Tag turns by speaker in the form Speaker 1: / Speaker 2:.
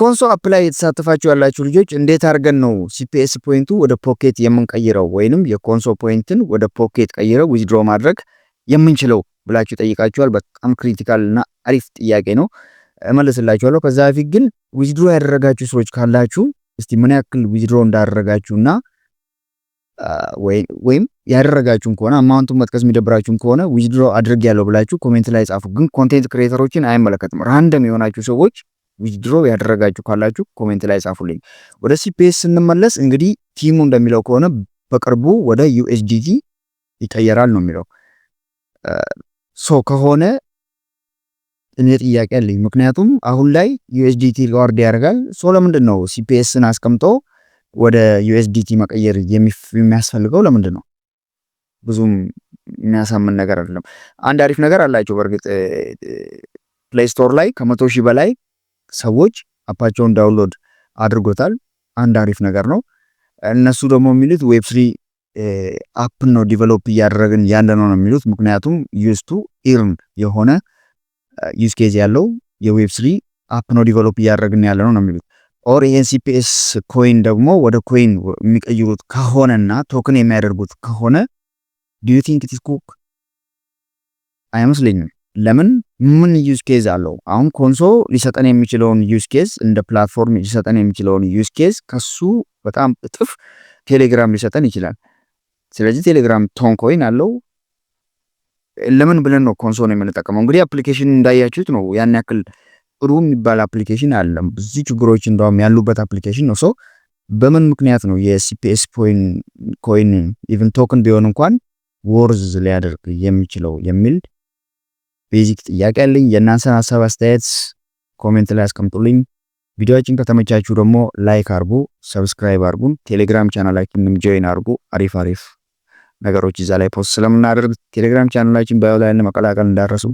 Speaker 1: ኮንሶ አፕ ላይ የተሳተፋችሁ ያላችሁ ልጆች እንዴት አድርገን ነው ሲፒኤስ ፖይንቱ ወደ ፖኬት የምንቀይረው ወይንም የኮንሶ ፖይንትን ወደ ፖኬት ቀይረው ዊዝድሮ ማድረግ የምንችለው ብላችሁ ጠይቃችኋል። በጣም ክሪቲካል እና አሪፍ ጥያቄ ነው፣ እመልስላችኋለሁ። ከዛ በፊት ግን ዊዝድሮ ያደረጋችሁ ሰዎች ካላችሁ እስቲ ምን ያክል ዊዝድሮ እንዳደረጋችሁና ወይም ያደረጋችሁም ከሆነ አማውንቱን መጥቀስ የሚደብራችሁም ከሆነ ዊዝድሮ አድርግ ያለው ብላችሁ ኮሜንት ላይ ጻፉ። ግን ኮንቴንት ክሬተሮችን አይመለከትም። ራንደም የሆናችሁ ሰዎች ዊድድሮ ያደረጋችሁ ካላችሁ ኮሜንት ላይ ጻፉልኝ። ወደ ሲፒኤስ ስንመለስ እንግዲህ ቲሙ እንደሚለው ከሆነ በቅርቡ ወደ ዩኤስዲቲ ይቀየራል ነው የሚለው። ሶ ከሆነ እኔ ጥያቄ አለኝ። ምክንያቱም አሁን ላይ ዩኤስዲቲ ጋርድ ያደርጋል። ሶ ለምንድን ነው ሲፒኤስን አስቀምጦ ወደ ዩኤስዲቲ መቀየር የሚያስፈልገው ለምንድን ነው? ብዙም የሚያሳምን ነገር አይደለም። አንድ አሪፍ ነገር አላቸው። በእርግጥ ፕሌይ ስቶር ላይ ከመቶ ሺህ በላይ ሰዎች አፓቸውን ዳውንሎድ አድርጎታል። አንድ አሪፍ ነገር ነው። እነሱ ደግሞ የሚሉት ዌብ ስሪ አፕ ነው ዲቨሎፕ እያደረግን ያለ ነው ነው የሚሉት ምክንያቱም ዩስቱ ኢርን የሆነ ዩስ ኬዝ ያለው የዌብ ስሪ አፕ ነው ዲቨሎፕ እያደረግን ያለ ነው ነው የሚሉት ኦር ኤንሲፒኤስ ኮይን ደግሞ ወደ ኮይን የሚቀይሩት ከሆነና ቶክን የሚያደርጉት ከሆነ ዲዩ ቲንክ ኢት ኢዝ ኩክ አይመስለኝም። ለምን ምን ዩዝ ኬዝ አለው? አሁን ኮንሶ ሊሰጠን የሚችለውን ዩዝ ኬዝ እንደ ፕላትፎርም ሊሰጠን የሚችለውን ዩዝ ኬዝ ከሱ በጣም እጥፍ ቴሌግራም ሊሰጠን ይችላል። ስለዚህ ቴሌግራም ቶን ኮይን አለው። ለምን ብለን ነው ኮንሶ ነው የምንጠቀመው? እንግዲህ አፕሊኬሽን እንዳያችሁት ነው ያን ያክል ጥሩ የሚባል አፕሊኬሽን አለም። ብዙ ችግሮች እንደውም ያሉበት አፕሊኬሽን ነው። ሰው በምን ምክንያት ነው የሲፒኤስ ኮይን ኢቨን ቶክን ቢሆን እንኳን ወርዝ ሊያደርግ የሚችለው የሚል ቤዚክ ጥያቄ አለኝ። የእናንተን ሀሳብ አስተያየት ኮሜንት ላይ አስቀምጡልኝ። ቪዲዮችን ከተመቻችሁ ደግሞ ላይክ አርጉ፣ ሰብስክራይብ አርጉን፣ ቴሌግራም ቻናላችንን ጆይን አርጉ። አሪፍ አሪፍ ነገሮች እዛ ላይ ፖስት ስለምናደርግ ቴሌግራም ቻናላችን ባዮ ላይ መቀላቀል እንዳረሱ